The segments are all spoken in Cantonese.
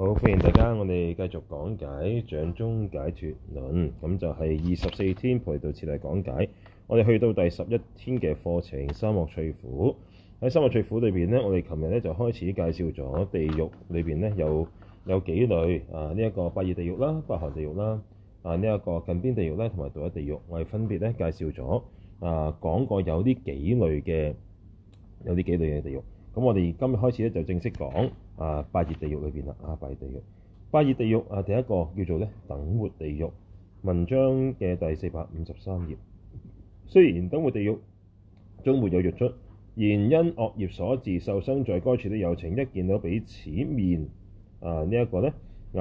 好，歡迎大家。我哋繼續講解掌中解脫論，咁就係二十四天菩提道次第嚟講解。我哋去到第十一天嘅課程《三惡趣苦》，喺《三惡趣苦》裏邊咧，我哋琴日咧就開始介紹咗地獄裏邊咧有有幾類啊？呢、這、一個八熱地獄啦，八寒地獄啦，啊呢一、這個近邊地獄咧，同埋獨一地獄，我哋分別咧介紹咗啊，講過有啲幾類嘅有啲幾類嘅地獄。咁我哋今日開始咧就正式講。啊！八熱地獄裏邊啦，啊！八熱地獄，八熱地獄啊！第一個叫做咧等活地獄文章嘅第四百五十三頁。雖然等活地獄中沒有獄卒，然因惡業所致受生在該處的有情，一見到彼此面啊，這個、呢一個咧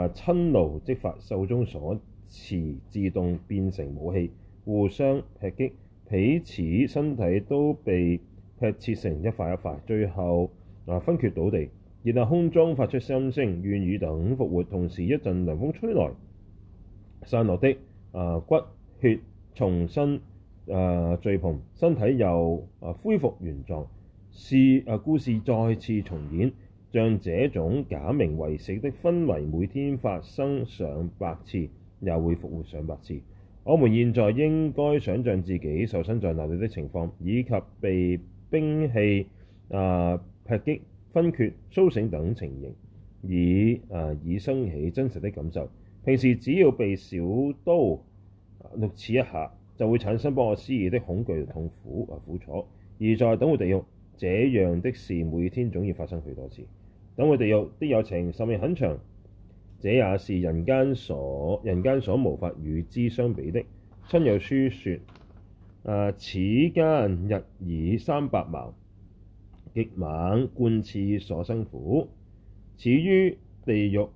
啊，瞋怒即發，手中所持自動變成武器，互相劈擊，彼此身體都被劈切成一塊一塊，最後啊昏厥倒地。然後空中發出聲音說，願爾等復活，同時一陣涼風吹來，散落的啊、呃、骨血重新啊、呃、聚攏，身體又啊、呃、恢復原狀。事啊、呃、故事再次重演，像這種假名為死的昏迷，每天發生上百次，又會復活上百次。我們現在應該想像自己受生在那裏的情況，以及被兵器啊、呃、劈擊。昏厥、甦醒等情形，以啊以生起真實的感受。平時只要被小刀略刺、啊、一下，就會產生不可思議的恐懼和苦、痛苦啊苦楚。而在等活地獄，這樣的事每天總要發生許多次。等活地獄的有情壽命很長，這也是人間所人間所無法與之相比的。親友書說：「啊，此間日以三百矛。極猛貫刺所生苦，此於地獄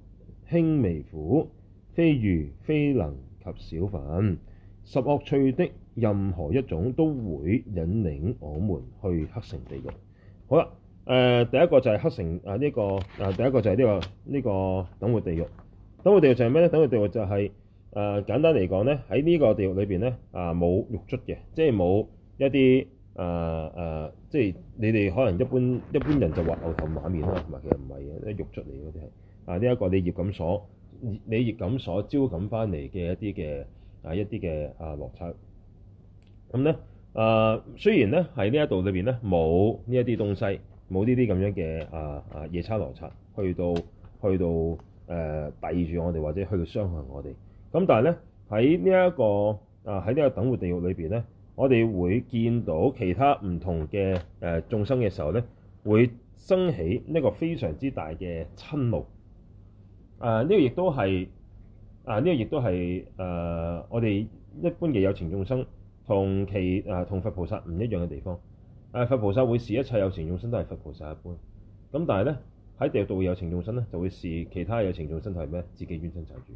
輕微苦，非喻非能及少分。十惡趣的任何一種都會引領我們去黑繩地獄。好啦，誒、呃，第一個就係黑繩啊呢、這個，誒、啊，第一個就係呢、這個呢、這個等活地獄。等活地獄就係咩呢？等活地獄就係、是、誒、呃，簡單嚟講呢，喺呢個地獄裏邊呢，啊、呃，冇獄卒嘅，即係冇一啲。啊啊！即係你哋可能一般一般人就話牛頭馬面啦，同埋其實唔係嘅，啲肉出嚟嗰啲係啊，呢一個你業感所你業感所招感翻嚟嘅一啲嘅啊一啲嘅啊羅剎咁咧，啊雖然咧，喺呢一度裏邊咧，冇呢一啲東西，冇呢啲咁樣嘅啊啊夜叉羅剎去到去到誒逮住我哋或者去到傷害我哋咁，啊，但係咧，喺呢一、個啊喺呢個等活地獄裏邊咧。我哋會見到其他唔同嘅誒眾生嘅時候咧，會生起呢個非常之大嘅瞋怒。誒、啊、呢、這個亦都係誒呢個亦都係誒我哋一般嘅有情眾生同其誒同、啊、佛菩薩唔一樣嘅地方。誒、啊、佛菩薩會視一切有情眾生都係佛菩薩一般，咁但係咧喺地獄度有情眾生咧就會視其他有情眾生係咩？自己冤親債主，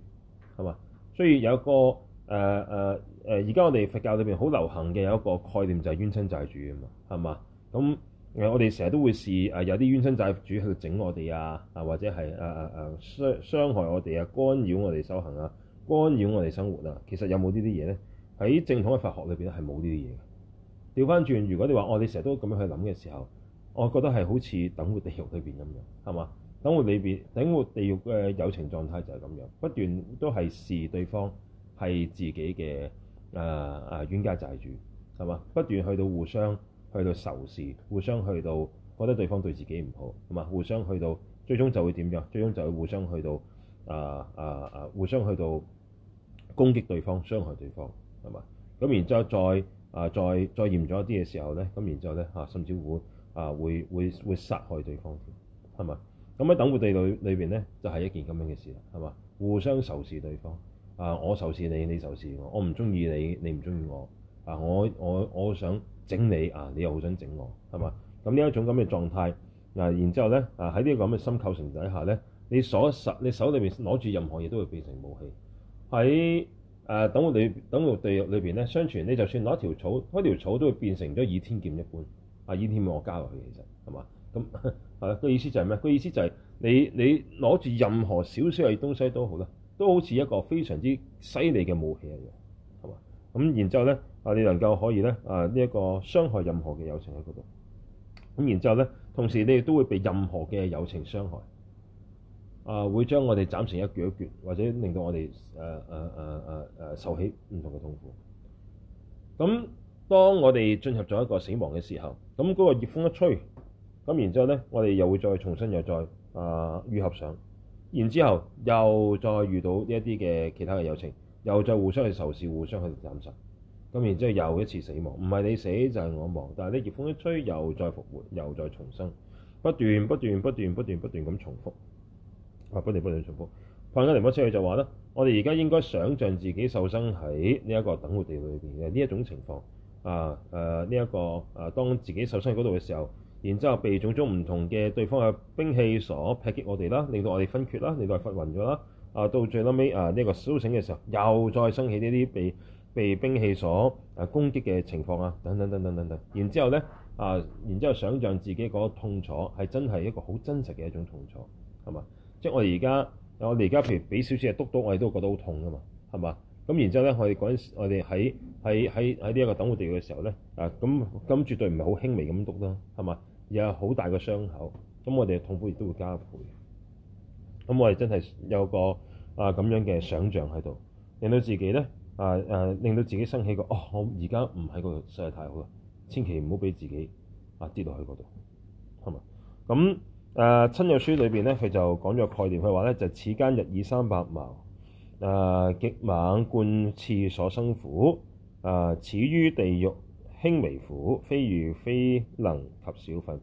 係嘛？所以有一個。誒誒誒，而、呃、家我哋佛教裏邊好流行嘅有一個概念就係冤親債主啊嘛，係嘛？咁誒，我哋成日都會試誒、呃、有啲冤親債主去整我哋啊，啊或者係誒誒誒傷傷害我哋啊，干擾我哋修行啊，干擾我哋生活啊。其實有冇呢啲嘢咧？喺正統嘅佛學裏邊係冇呢啲嘢嘅。調翻轉，如果你話我哋成日都咁樣去諗嘅時候，我覺得係好似等活地獄裏邊咁樣係嘛？等活裏邊等活地獄嘅有情狀態就係咁樣不斷都係試對方。係自己嘅、呃、啊啊冤家債主，係嘛，不斷去到互相去到仇視，互相去到覺得對方對自己唔好，係嘛？互相去到最終就會點樣？最終就會互相去到啊啊啊！互相去到攻擊對方、傷害對方，係嘛？咁然之後再啊再再嚴重一啲嘅時候咧，咁然之後咧嚇甚至會啊會會會殺害對方，係咪？咁喺、啊啊、等活地裏裏邊咧，就係、是、一件咁樣嘅事啦，係嘛？互相仇視對方。啊！我仇視你，你仇視我。我唔中意你，你唔中意我。啊！我我我想整你，啊！你又好想整我，係嘛？咁呢一種咁嘅狀態，啊！然之後咧，啊！喺呢個咁嘅深構成底下咧，你所實你手裏面攞住任何嘢都會變成武器。喺誒等活地等活地獄裏邊咧，相傳你就算攞條草，攞條草都會變成咗倚天劍一般。啊！倚天劍我加落去其實係嘛？咁係啦。個、啊、意思就係咩？個意思就係你你攞住任何少少嘅東西都好啦。都好似一個非常之犀利嘅武器一樣，係嘛？咁然之後咧，啊，你能夠可以咧，啊，呢、這、一個傷害任何嘅友情喺嗰度。咁然之後咧，同時你亦都會被任何嘅友情傷害。啊，會將我哋斬成一攣一攣，或者令到我哋、啊啊啊啊、受起唔同嘅痛苦。咁當我哋進入咗一個死亡嘅時候，咁嗰個熱風一吹，咁然之後咧，我哋又會再重新又再啊愈合上。然之後又再遇到呢一啲嘅其他嘅有情，又再互相去仇視，互相去斬殺，咁然之後又一次死亡，唔係你死就係我亡，但係呢熱風一吹，又再復活，又再重生，不斷不斷不斷不斷不斷咁重複，啊不斷不斷重複。帕繃喀大師佢就話啦：我哋而家應該想像自己受生喺呢一個等活地裏邊嘅呢一種情況，啊呢一個、呃這個啊、當自己受生喺嗰度嘅時候。然之後被種種唔同嘅對方嘅兵器所劈擊我哋啦，令到我哋昏厥啦，令到我哋發暈咗啦。啊，到最後尾啊呢個甦醒嘅時候，又再升起呢啲被被兵器所啊攻擊嘅情況啊，等等等等等等。然之後呢，啊，然之後想象自己嗰個痛楚係真係一個好真實嘅一種痛楚，係嘛？即係我哋而家我哋而家譬如俾少少嘢督督，我哋都覺得好痛噶嘛，係嘛？咁然之後咧，我哋嗰陣時，我哋喺喺喺喺呢一個等活地嘅時候咧，啊咁咁絕對唔係好輕微咁篤啦，係嘛？有好大嘅傷口，咁我哋嘅痛苦亦都會加倍。咁我哋真係有個啊咁樣嘅想像喺度，令到自己咧，啊令到自己生起個哦，我而家唔喺個世界太好啦，千祈唔好俾自己啊跌落去嗰度，係嘛？咁誒、啊、親友書裏面咧，佢就講咗概念，佢話咧就是、此間日以三百矛。啊！極猛貫刺所生苦啊，此於地獄輕微苦，非喻非能及少分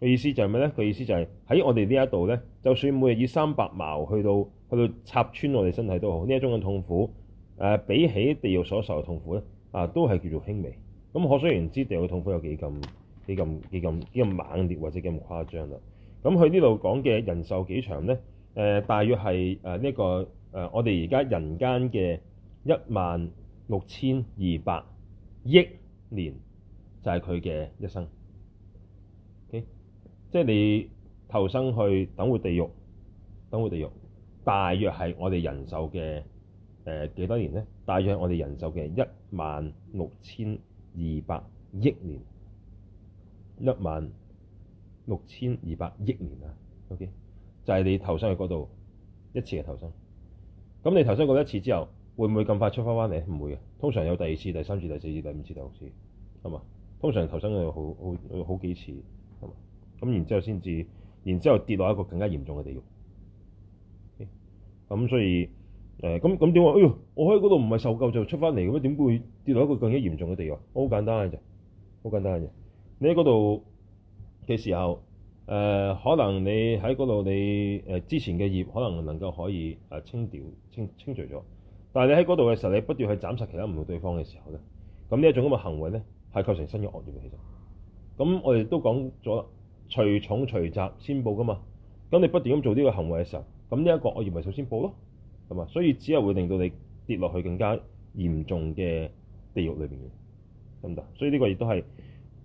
嘅意思就係咩咧？佢意思就係喺我哋呢一度咧，就算每日以三百矛去到去到插穿我哋身體都好，呢一種嘅痛苦誒、啊，比起地獄所受嘅痛苦咧啊，都係叫做輕微。咁可想而知，地獄痛苦有幾咁幾咁幾咁幾咁猛烈，或者幾咁誇張啦、啊。咁佢呢度講嘅人壽幾長咧？誒、啊，大約係誒呢個。誒、呃，我哋而家人間嘅一萬六千二百億年就係佢嘅一生。O K，即係你投生去等活地獄，等活地獄大約係我哋人壽嘅誒幾多年咧？大約係我哋人壽嘅一萬六千二百億年，一萬六千二百億年啊。OK，就係你投生去嗰度一次嘅投生。咁你投身過一次之後，會唔會咁快出翻翻嚟？唔會嘅，通常有第二次、第三次、第四次、第五次、第六次，係嘛？通常投身有好好好幾次，係嘛？咁然之後先至，然之後跌落一個更加嚴重嘅地獄。咁、okay? 所以，誒咁咁點話？哎喲，我喺嗰度唔係受夠就出翻嚟，咁點會跌落一個更加嚴重嘅地獄？好簡單嘅啫，好簡單嘅啫。你喺嗰度嘅時候。誒、呃、可能你喺嗰度，你、呃、誒之前嘅業可能能夠可以、呃、清掉清清除咗，但係你喺嗰度嘅時候，你不斷去斬殺其他唔同對方嘅時候咧，咁呢一種咁嘅行為咧，係構成新嘅惡業嘅。其實，咁我哋都講咗啦，隨重隨雜先報噶嘛，咁你不斷咁做呢個行為嘅時候，咁呢一個惡業咪首先報咯，係嘛？所以只係會令到你跌落去更加嚴重嘅地獄裏面嘅，得唔得？所以呢個亦都係，呢、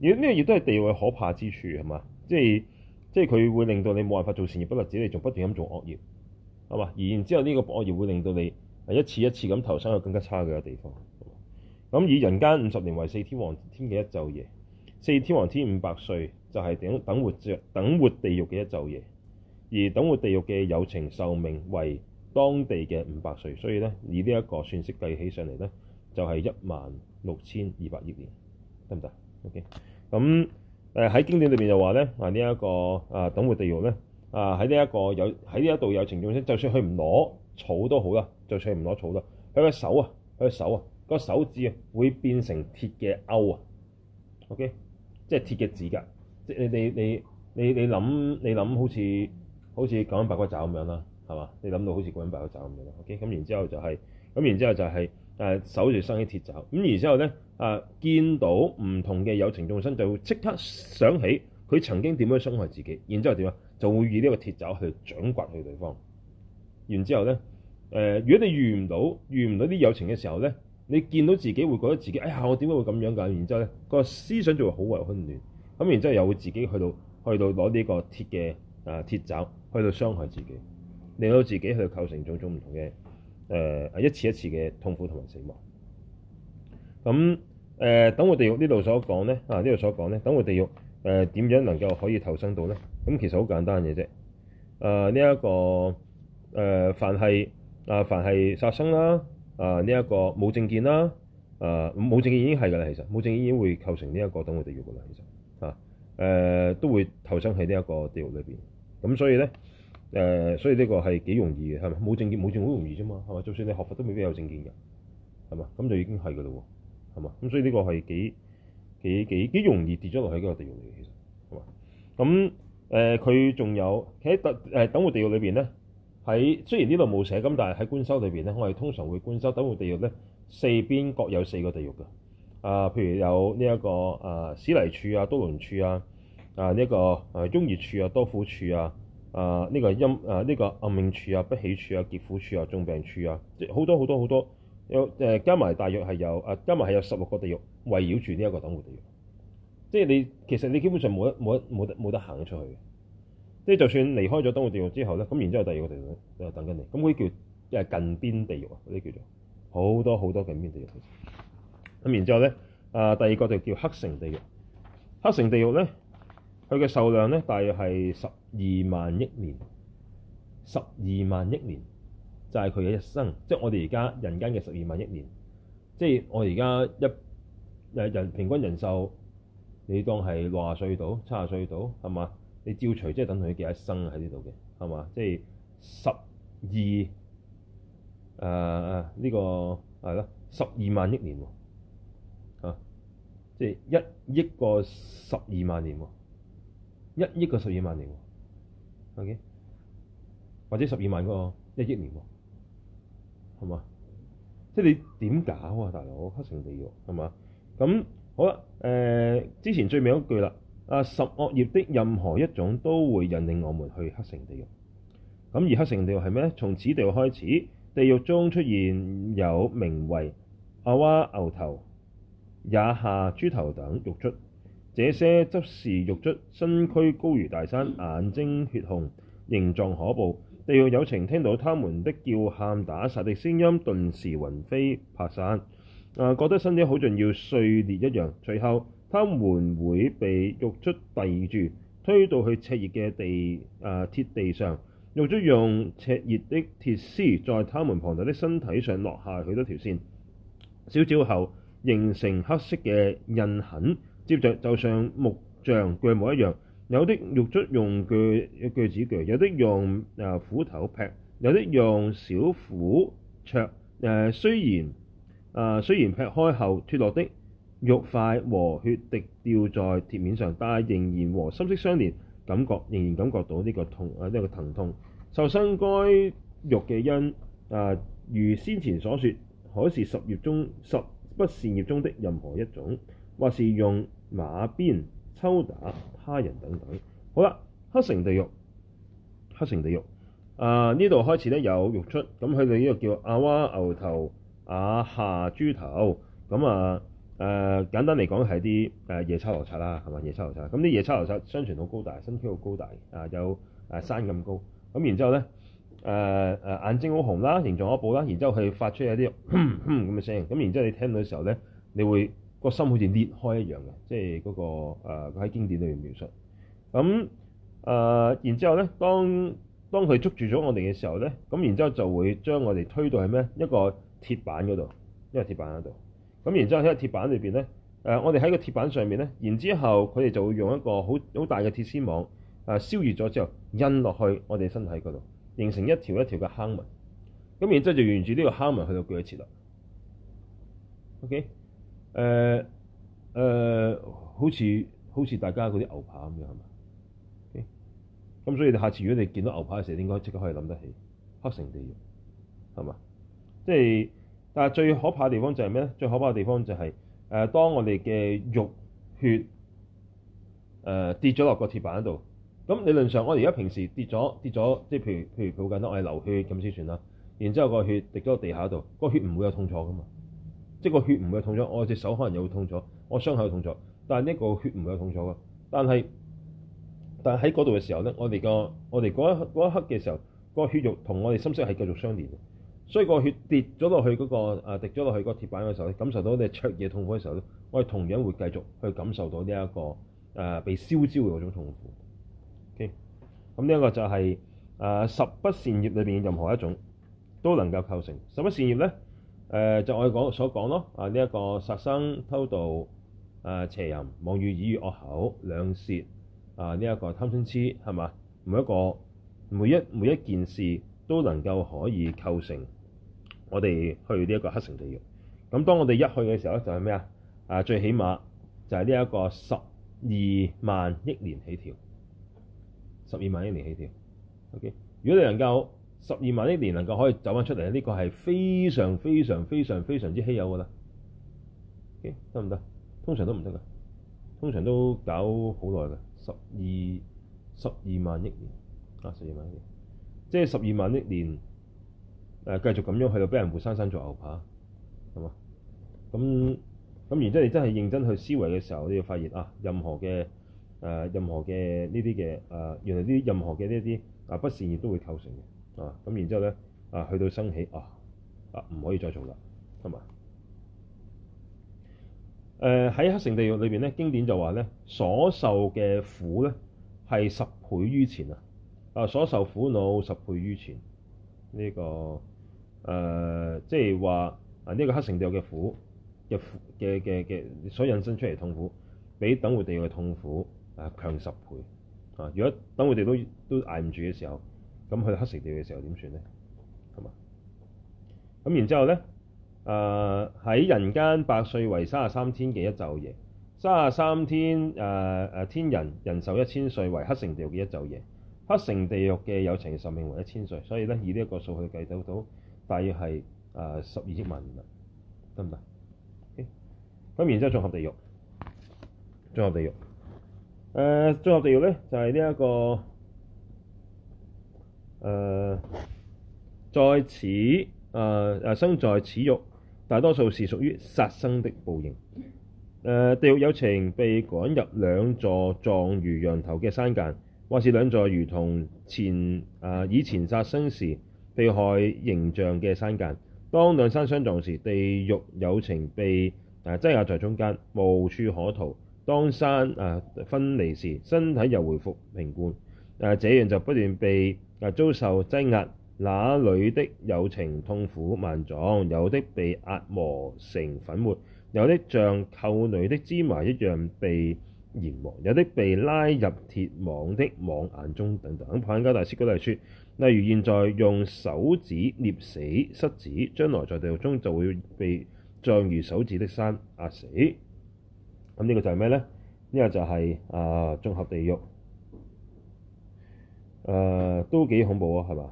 這、呢個亦都係地獄嘅可怕之處係嘛？即係。即係佢會令到你冇辦法做善業不得，不單止你仲不斷咁做惡業，係嘛？然之後呢個惡業會令到你係一次一次咁投生去更加差嘅地方。咁以人間五十年為四天王天嘅一晝夜，四天王天五百歲就係等活著等活地獄嘅一晝夜，而等活地獄嘅有情壽命為當地嘅五百歲，所以咧，以呢一個算式計起上嚟咧，就係一萬六千二百億年，得唔得？OK，咁。誒喺經典裏邊就話咧，啊呢一個啊等活地獄咧，啊喺呢一個有喺呢一度有情眾生，就算佢唔攞草都好啦，就算佢唔攞草啦，佢個手啊，佢個手啊，個手，手指啊會變成鐵嘅勾啊，OK，即係鐵嘅指甲，即係你哋你你你諗你諗好似好似講緊白骨爪咁樣啦，係嘛？你諗到好似講緊白骨爪咁樣啦，OK，咁然之後就係，咁然之後就係。誒守住生起鐵爪，咁然之後咧，誒見到唔同嘅有情眾生，就會即刻想起佢曾經點樣傷害自己，然之後點啊，就會以呢個鐵爪去掌摑去對方。然之後咧，誒、呃、如果你遇唔到遇唔到啲有情嘅時候咧，你見到自己會覺得自己，哎呀，我點解會咁樣㗎？然之後咧，個思想就會好為混亂，咁然之後又會自己去到去到攞呢個鐵嘅啊鐵爪去到傷害自己，令到自己去構成種種唔同嘅。誒、呃、一次一次嘅痛苦同埋死亡。咁、嗯、誒、呃，等活地獄呢度所講咧，啊呢度所講咧，等活地獄誒點、呃、樣能夠可以投生到咧？咁其實好簡單嘅啫。啊呢一個誒，凡係啊凡係殺生啦，啊呢一個冇正見啦，啊冇正見已經係㗎啦。其實冇正見已經會構成呢一個等活地獄㗎啦。其實,其實啊誒、啊、都會投生喺呢一個地獄裏邊。咁、啊、所以咧。誒、呃，所以呢個係幾容易嘅，係咪冇正見冇正好容易啫嘛，係咪？就算你學佛都未必有正見嘅，係嘛？咁就已經係噶啦喎，係嘛？咁所以呢個係幾幾幾幾容易跌咗落去嗰個地獄嚟嘅，其實係嘛？咁誒，佢、呃、仲有喺特誒等活地獄裏邊咧，喺雖然呢度冇寫，咁但係喺觀修裏邊咧，我哋通常會觀修等活地獄咧，四邊各有四個地獄嘅。啊、呃，譬如有呢、這、一個啊屎泥處啊，刀輪處啊，啊呢一個啊中熱處啊，多苦處啊。呃這個呃啊！呢、這個陰啊，呢、這個暗冥處啊、不起處啊、劫苦處啊、重病處啊，即係好多好多好多。有誒、呃、加埋，大約係有啊、呃，加埋係有十六個地獄圍繞住呢一個等活地獄。即係你其實你基本上冇得冇冇得冇得行出去嘅。即係就算離開咗等活地獄之後咧，咁然之後第二個地獄就等緊你。咁啲叫即近邊地獄啊，嗰啲叫做好多好多近邊地獄。咁然之後咧啊、呃，第二個就叫黑繩地獄。黑繩地獄咧。佢嘅壽量咧，大約係十二萬億年。十二萬億年就係佢嘅一生，即係我哋而家人間嘅十二萬億年，即係我而家一誒人平均人壽，你當係六十歲度、七十歲度係嘛？你照除，即係等佢幾一生喺呢度嘅係嘛？即係十二誒誒呢個係咯，十二萬億年喎、啊、即係一億個十二萬年喎，一億個十二萬年喎，OK，或者十二萬個一億年喎，係嘛？即係你點搞啊，大佬？黑繩地獄係嘛？咁好啦，誒、呃、之前最尾一句啦，啊，十惡業的任何一種都會引領我們去黑繩地獄。咁而黑繩地獄係咩咧？從此地獄開始，地獄中出現有名為阿瓦牛頭、雅夏豬頭等獄卒。這些執事獄卒，身軀高如大山，眼睛血紅，形狀可怖。地獄有情聽到他們的叫喊打殺的聲音，頓時魂飛魄散，啊，覺得身體好像要碎裂一樣。隨後，他們會被獄卒逮住，推到去赤熱嘅地啊鐵地上。獄卒用赤熱的鐵絲在他們龐大的身體上落下許多條線，燒焦後形成黑色嘅印痕。接着就像木匠鋸木一樣，有的獄卒用鋸鋸子鋸，有的用啊斧頭劈，有的用小斧削。誒、呃、雖然啊、呃、雖然劈開後脫落的肉塊和血滴掉在鐵面上，但係仍然和心識相連，感覺仍然感覺到呢個痛啊呢、呃這個疼痛。受生該獄嘅因啊、呃，如先前所說，可是十業中十不善業中的任何一種，或是用馬鞭抽打他人等等，好啦，黑繩地獄，黑繩地獄，啊呢度開始咧有獄卒，咁佢哋呢個叫阿瓦牛頭、阿、啊、夏豬頭，咁啊誒、呃、簡單嚟講係啲誒夜叉羅刹啦，係嘛夜叉羅刹，咁啲夜叉羅刹相傳好高大，身軀好高大，呃、有啊有誒山咁高，咁然之後咧誒誒眼睛好紅啦，形狀好暴啦，然之後佢發出一啲咁嘅聲，咁然之後你聽到嘅時候咧你會。個心好似裂開一樣嘅，即係嗰、那個佢喺、呃、經典裏面描述。咁、嗯、誒、呃，然之後咧，當當佢捉住咗我哋嘅時候咧，咁然之後就會將我哋推到係咩？一個鐵板嗰度，一個鐵板嗰度。咁然之後喺個鐵板裏邊咧，誒，我哋喺個鐵板上面咧，然之後佢哋就會用一個好好大嘅鐵絲網誒、呃，燒熱咗之後印落去我哋身體嗰度，形成一條一條嘅坑紋。咁然之後就沿住呢個坑紋去到腳趾啦。OK。誒、呃、誒、呃，好似好似大家嗰啲牛扒咁樣係嘛？咁、okay? 所以你下次如果你見到牛扒嘅時候，你應該即刻可以諗得起黑繩地獄係嘛？即係、就是、但係最可怕嘅地方就係咩咧？最可怕嘅地方就係、是、誒、呃，當我哋嘅肉血誒、呃、跌咗落個鐵板度，咁理論上我哋而家平時跌咗跌咗，即係譬如譬如抱緊我係流血咁先算啦。然之後個血滴咗落地下度，個血唔會有痛楚㗎嘛。即個血唔會痛咗，我隻手可能又會痛咗，我傷口痛咗，但係呢個血唔會痛咗嘅。但係但係喺嗰度嘅時候咧，我哋個我哋嗰一一刻嘅時候，那個時候那個血肉同我哋心識係繼續相連嘅。所以個血跌咗落去嗰、那個啊滴咗落去嗰鐵板嘅時候咧，感受到你哋灼熱嘅痛苦嘅時候咧，我哋同樣會繼續去感受到呢、這、一個誒、啊、被燒焦嘅嗰種痛苦。OK，咁呢一個就係、是、誒、啊、十不善業裏邊任何一種都能夠構成十不善業咧。誒、呃、就我哋所講咯，啊呢一、這個殺生偷盜、啊、呃、邪淫妄語、以語、惡口、兩舌啊呢一、這個貪嗔痴係嘛？每一個每一、每一件事都能夠可以構成我哋去呢一個黑繩地獄。咁當我哋一去嘅時候，就係、是、咩啊？啊最起碼就係呢一個十二萬億年起跳，十二萬億年起跳。OK，如果你能夠十二萬億年能夠可以走翻出嚟，呢個係非常非常非常非常之稀有㗎啦。得唔得？通常都唔得㗎，通常都搞好耐㗎。十二十二萬億年啊，十二萬億，即係十二萬億年誒、啊，繼續咁樣去到俾人活生生做牛扒係嘛？咁咁，然之後你真係認真去思維嘅時候，你要發現啊，任何嘅誒、啊，任何嘅呢啲嘅誒，原來呢啲任何嘅呢啲啊不善業都會構成嘅。啊，咁然之後咧，啊去到生起，啊啊唔可以再做啦，係咪？誒、呃、喺黑繩地獄裏邊咧，經典就話咧，所受嘅苦咧係十倍於前啊！啊，所受苦惱十倍於前。呢、這個誒、呃，即係話啊，呢、這個黑繩地獄嘅苦嘅苦嘅嘅嘅，所引申出嚟嘅痛苦，比等活地獄嘅痛苦啊強十倍啊！如果等活地獄都都捱唔住嘅時候。咁去到黑繩地獄嘅時候點算咧？係嘛？咁然之後咧，誒、呃、喺人間百歲為三十三天嘅一晝夜，三十三天誒誒、呃、天人人壽一千歲為黑繩地獄嘅一晝夜，黑繩地獄嘅有情壽命為一千歲，所以咧，以呢一個數去計到到，大約係誒十二億萬年，得唔得？咁、okay? 然之後眾和地獄，眾和地獄，誒、呃、眾和地獄咧就係呢一個。誒、呃、在此誒誒、呃、生在此獄，大多數是屬於殺生的報應。誒、呃、地獄有情被趕入兩座狀如羊頭嘅山間，或是兩座如同前誒、呃、以前殺生時被害形象嘅山間。當兩山相撞時，地獄有情被誒擠壓在中間，無處可逃。當山誒、呃、分離時，身體又回復平復。誒這樣就不斷被。遭受擠壓，那裡的有情痛苦萬狀，有的被壓磨成粉末，有的像臼裡的芝麻一樣被研磨，有的被拉入鐵網的網眼中等等。帕繃喀大師舉例說，例如現在用手指捏死蝨子，將來在地獄中就會被狀如手指的山壓死。咁呢個就係咩呢？呢、這個就係、是、啊眾和地獄。誒、呃，都幾恐怖啊，係嘛？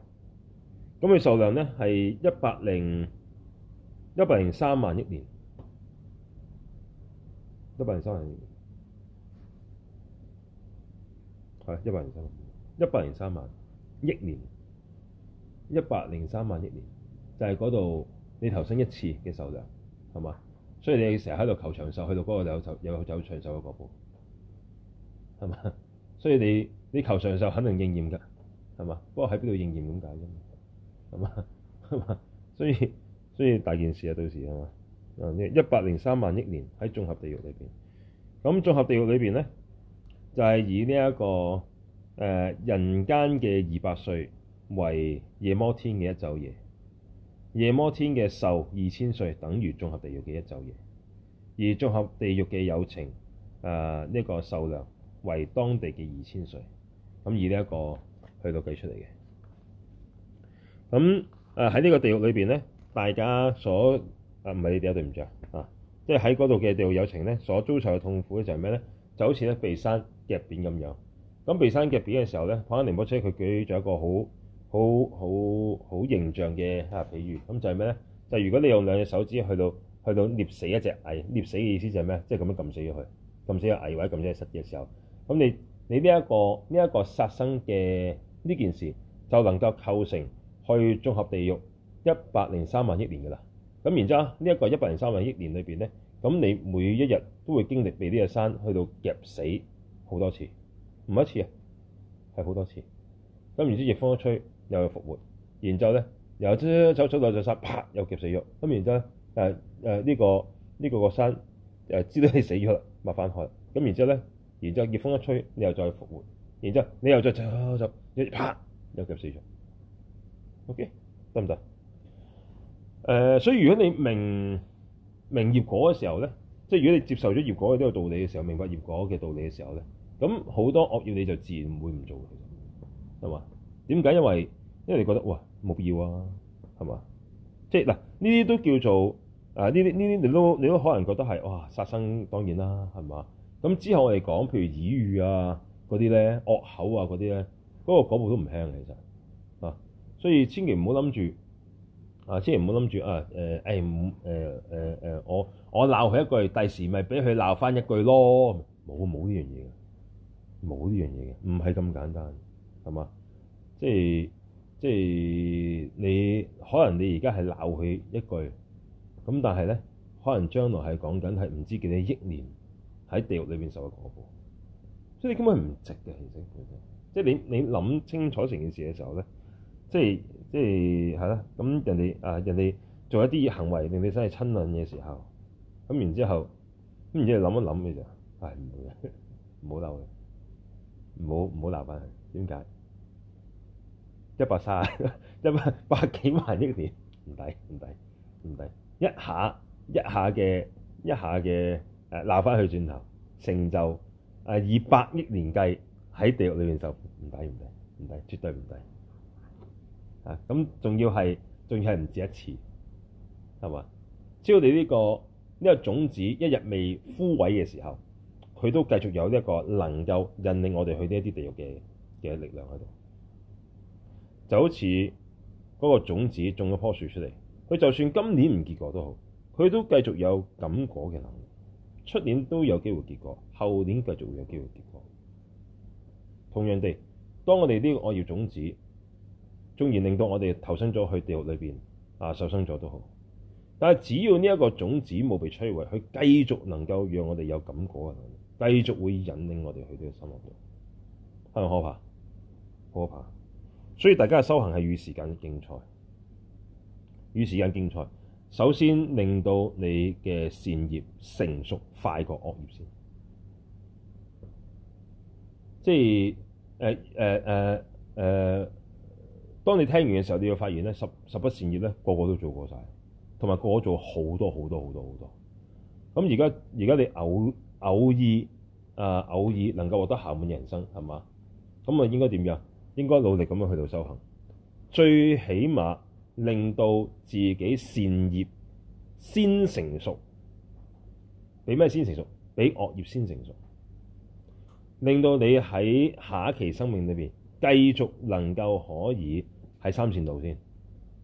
咁佢壽量咧係一百零一百零三萬億年，一百零三萬億年，係一百零三，年，一百零三萬億年，一百零三萬億年，就係嗰度你投生一次嘅壽量，係嘛？所以你成日喺度求長壽，去到嗰個就有，有就有走長壽嘅腳步，係嘛？所以你。你求上壽肯定應驗㗎，係嘛？不過喺邊度應驗咁解啫嘛，係 嘛？所以所以大件事啊，到時係嘛？啊，一一百零三萬億年喺眾合地獄裏邊，咁眾合地獄裏邊咧，就係、是、以呢、這、一個誒 人間嘅二百歲為夜摩天嘅一晝夜，夜摩天嘅壽二千歲等於眾合地獄嘅一晝夜，而眾合地獄嘅有情誒呢、呃這個壽量為當地嘅二千歲。咁以呢一個去到計出嚟嘅，咁誒喺呢個地獄裏邊咧，大家所誒唔係你哋啊，對唔住啊。即係喺嗰度嘅地獄有情咧，所遭受嘅痛苦咧就係咩咧？就好似咧被山夾扁咁樣。咁被山夾扁嘅時候咧，帕繃喀仁波切佢舉咗一個好好好好形象嘅啊比喻，咁就係咩咧？就係如果你用兩隻手指去到去到捏死一隻蟻，捏死嘅意思就係咩？即係咁樣撳死咗佢，撳死個蟻或者撳死個蝨嘅時候，咁你。你呢、這、一個呢一、這個殺生嘅呢件事，就能夠構成去眾合地獄一百零三萬億年㗎啦。咁然之後，呢一個一百零三萬億年裏邊咧，咁你每一日都會經歷被呢個山去到夾死好多次，唔係一次啊，係好多次。咁然之後，逆風一吹，又又復活。然之後咧，又走走走落嚟個山，啪又夾死咗。咁然之後咧，呢、啊這個呢、這個個山誒、啊、知道你死咗啦，咪翻開。咁然之後咧。然之後，熱風一吹，你又再復活。然之後，你又再走，就一拍入入市場，OK 得唔得？誒、uh,，所以如果你明明業果嘅時候咧，即、就、係、是、如果你接受咗業果嘅呢個道理嘅時候，明白業果嘅道理嘅時候咧，咁好多惡業你就自然唔會唔做嘅，係嘛？點解？因為因為你覺得哇冇必要啊，係嘛？即係嗱，呢啲都叫做誒，呢啲呢啲你都你都可能覺得係哇殺生當然啦，係嘛？咁之後我哋講，譬如耳語啊，嗰啲咧，惡口啊，嗰啲咧，嗰個嗰部都唔輕，其實啊，所以千祈唔好諗住啊，千祈唔好諗住啊，誒、欸欸欸欸欸欸、我我鬧佢一句，第時咪俾佢鬧翻一句咯，冇冇呢樣嘢嘅，冇呢樣嘢嘅，唔係咁簡單，係嘛？即係即係你可能你而家係鬧佢一句，咁但係咧，可能將來係講緊係唔知幾多億年。喺地獄裏邊受過苦，所以你根本係唔值嘅，其實本身，即係你你諗清楚成件事嘅時候咧，即係即係係啦，咁人哋啊人哋做一啲行為令你真係親暱嘅時候，咁、啊、然之後，咁然之後諗一諗嘅就係唔好嘅，唔好嬲嘅，唔好唔好鬧翻佢，點解？一百三十，一百百幾萬億年，唔抵唔抵唔抵，一下一下嘅一下嘅。誒，鬧翻佢轉頭成就誒，以百億年計喺地獄裏邊受苦，唔抵唔抵唔抵，絕對唔抵嚇。咁、啊、仲要係仲要係唔止一次係嘛？只要你呢、呢個呢、呢個種子一日未枯萎嘅時候，佢都繼續有一個能夠引領我哋去呢一啲地獄嘅嘅力量喺度，就好似嗰個種子種咗棵樹出嚟，佢就算今年唔結果都好，佢都繼續有感果嘅能力。出年都有機會結果，後年繼續會有機會結果。同樣地，當我哋呢個惡業種子，縱然令到我哋投身咗去地獄裏邊啊受生咗都好，但係只要呢一個種子冇被摧毀，佢繼續能夠讓我哋有感果嘅能力，繼續會引領我哋去呢個心靈度，係咪可怕？可怕！所以大家嘅修行係與時間競賽，與時間競賽。首先令到你嘅善業成熟惡業快過惡業先，即係誒誒誒誒，當你聽完嘅時候，你會發現咧十十不善業咧個個都做過晒，同埋個個做好多好多好多好多。咁而家而家你偶偶爾啊、呃、偶爾能夠獲得暇滿人生係嘛？咁啊應該點樣？應該努力咁樣去到修行，最起碼。令到自己善業先成熟，俾咩先成熟？俾惡業先成熟。令到你喺下一期生命裏面繼續能夠可以喺三善道先，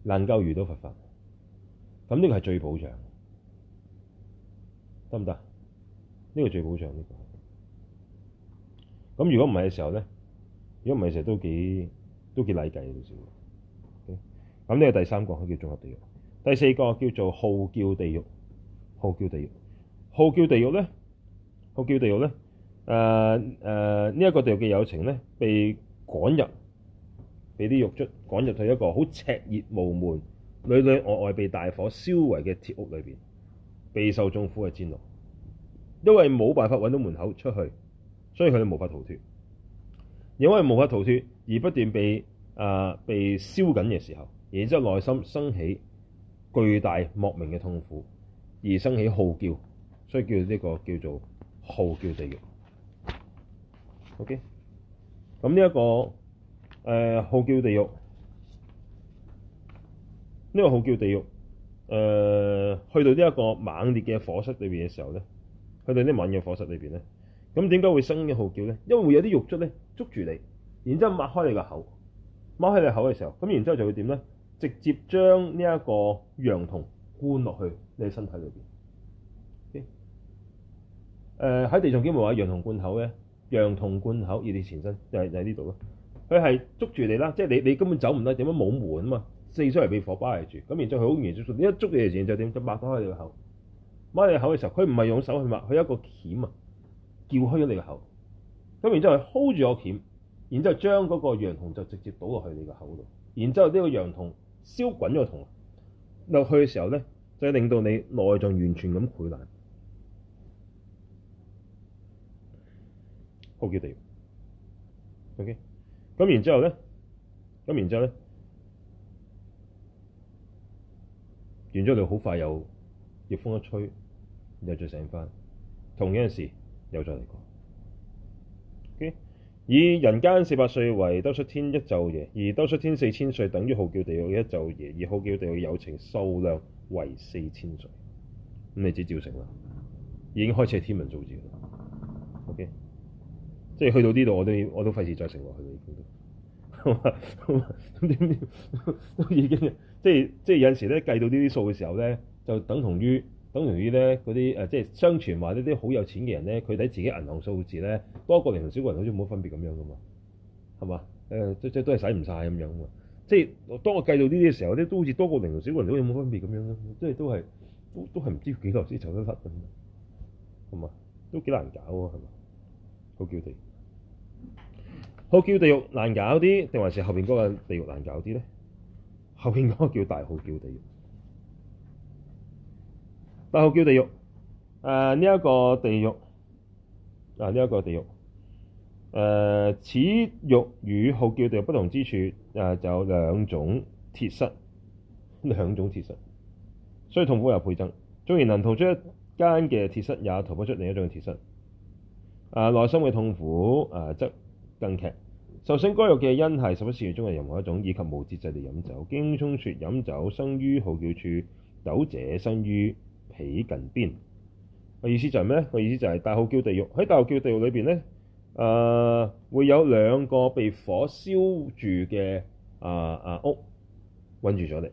能夠遇到佛法，咁呢個係最保障，得唔得？呢、呢個最保障啲。咁如果唔係嘅時候咧，如果唔係嘅時候都幾都幾禮計啊。咁呢個第三個佢叫眾合地獄，第四個叫做號叫地獄，號叫地獄，號叫地獄咧，號叫地獄咧，誒、呃、誒，呃這個、呢一個地獄嘅有情咧，被趕入，俾啲獄卒趕入去一個好赤熱無門、裏裏外外被大火燒毀嘅鐵屋裏邊，備受眾苦嘅煎熬，因為冇辦法揾到門口出去，所以佢哋無法逃脱，因為無法逃脱而不斷被誒、呃、被燒緊嘅時候。然之後，內心升起巨大莫名嘅痛苦，而升起號叫，所以叫呢個叫做號叫地獄。OK，咁呢一個誒、呃、號叫地獄，呢、這個號叫地獄誒、呃、去到呢一個猛烈嘅火室裏邊嘅時候咧，去到啲猛嘅火室裏邊咧，咁點解會生一號叫咧？因為會有啲獄卒咧捉住你，然之後擘開你個口，擘開你個口嘅時候，咁然之後就會點咧？直接將呢一個烊銅灌落去你身體裏邊。誒、okay? 喺、呃、地上經文話烊銅灌口咧，烊銅灌口而你前身就係、是、就係呢度咯。佢係捉住你啦，即係你你根本走唔得，點樣冇門啊嘛？四出嚟畀火包圍住，咁然之後佢好嚴肅，一捉你就嚴就點，就擘開你個口，擘你個口嘅時候佢唔係用手去擘，佢一個鉗啊，撬開咗你個口。咁然之後佢 hold 住個鉗，然之後將嗰個烊銅就直接倒落去你個口度，然之後呢個烊銅。燒滾咗銅落去嘅時候咧，就令到你內臟完全咁潰爛，好叫地。OK，咁然之後咧，咁然之後咧，完咗佢好快又熱風一吹，然後再醒翻，同樣嘅事，又再嚟過。OK。以人間四百歲為多出天一晝夜，而多出天四千歲等於號叫地獄一晝夜，而號叫地獄有情壽量為四千歲。咁你自己照成啦，已經開始係天文數字啦。O、okay? K，即係去到呢度，我都我都費事再成落去啦。咁 點 都已經即係即係有陣時咧計到呢啲數嘅時候咧，就等同於。等於咧，嗰啲誒即係相傳話呢啲好有錢嘅人咧，佢睇自己銀行數字咧，多過零同少過零好似冇乜分別咁樣噶嘛，係嘛？誒、呃，即即都係使唔晒咁樣嘛，即係當我計到呢啲嘅時候咧，都好似多過零同少過零好似冇分別咁樣即係都係都都係唔知幾多先湊得翻咁樣，係嘛？都幾難搞喎，係嘛？號叫地號叫地獄，號叫地獄難搞啲，定還是後邊嗰個地獄難搞啲咧？後邊嗰個叫大號叫地獄。大號叫地獄。誒呢一個地獄，誒呢一個地獄。誒、呃、此獄與號叫地獄不同之處，誒、呃、就有兩種鐵室，兩種鐵室。所以痛苦有倍增。縱然能逃出一間嘅鐵室，也逃不出另一種鐵室。誒、呃、內心嘅痛苦，誒、呃、則更劇。受生該獄嘅因係十不善業中嘅任何一種，以及無節制地酒飲酒。經中說飲酒生於號叫處，斟者生於。彼近邊。我意思就係咩咧？意思就係大號叫地獄，喺大號叫地獄裏邊咧，誒、呃、會有兩個被火燒住嘅、呃、啊啊屋，困住咗你。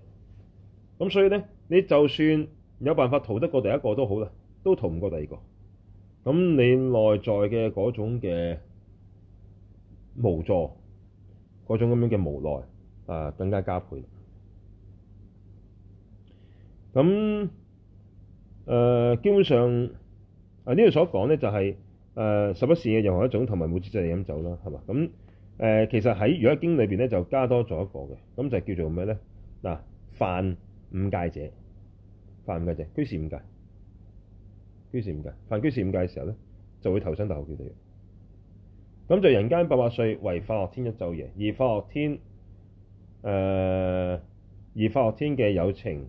咁所以咧，你就算有辦法逃得過第一個都好啦，都逃唔過第二個。咁你內在嘅嗰種嘅無助，嗰種咁樣嘅無奈啊、呃，更加加倍咁誒、呃、基本上啊呢度所講咧就係、是、誒、呃、十不善嘅任何一種同埋冇節制飲酒啦，係嘛？咁、呃、誒其實喺《瑜伽經》裏邊咧就加多咗一個嘅，咁就叫做咩咧？嗱、呃，犯五戒者，犯五戒者，居士五戒，居士五戒犯居士五戒嘅時候咧就會投身大惡之地嘅。咁就人間八百歲為化樂天一晝夜，而化樂天誒、呃、而化樂天嘅有情。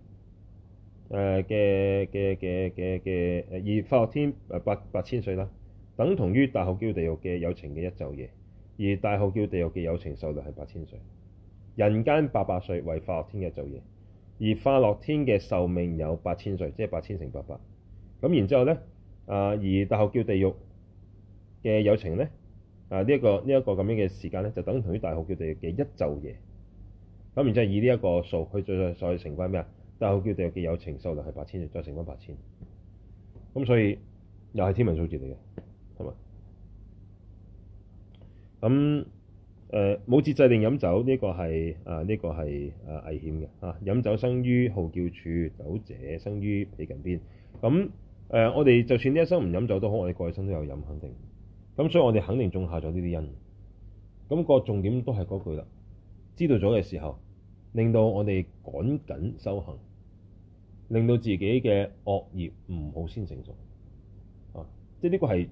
誒嘅嘅嘅嘅嘅誒，而化樂天誒八八千歲啦，等同於大號叫地獄嘅有情嘅一晝夜，而大號叫地獄嘅有情壽命係八千歲，人間八百歲為化樂天嘅一晝夜，而化樂天嘅壽命有八千歲，即係八千乘八百。咁然之後咧，啊而大號叫地獄嘅有情咧，啊、這個這個、呢一個呢一個咁樣嘅時間咧，就等同於大號叫地獄嘅一晝夜。咁然之後以呢一個數，佢再成乘翻咩啊？但係號叫地獄嘅有情壽量係八千，再乘翻八千，咁所以又係天文數字嚟嘅，係咪？咁冇、呃、節制地飲酒呢、呢個係啊呢個係危險嘅嚇、啊！飲酒生於號叫處，斟者生於彼近邊。咁、呃、我哋就算呢一生唔飲酒都好，我哋過去生都有飲，肯定。咁所以我哋肯定種下咗呢啲因。咁、那個重點都係嗰句啦，知道咗嘅時候，令到我哋趕緊修行。令到自己嘅惡業唔好先成熟啊！即係呢個係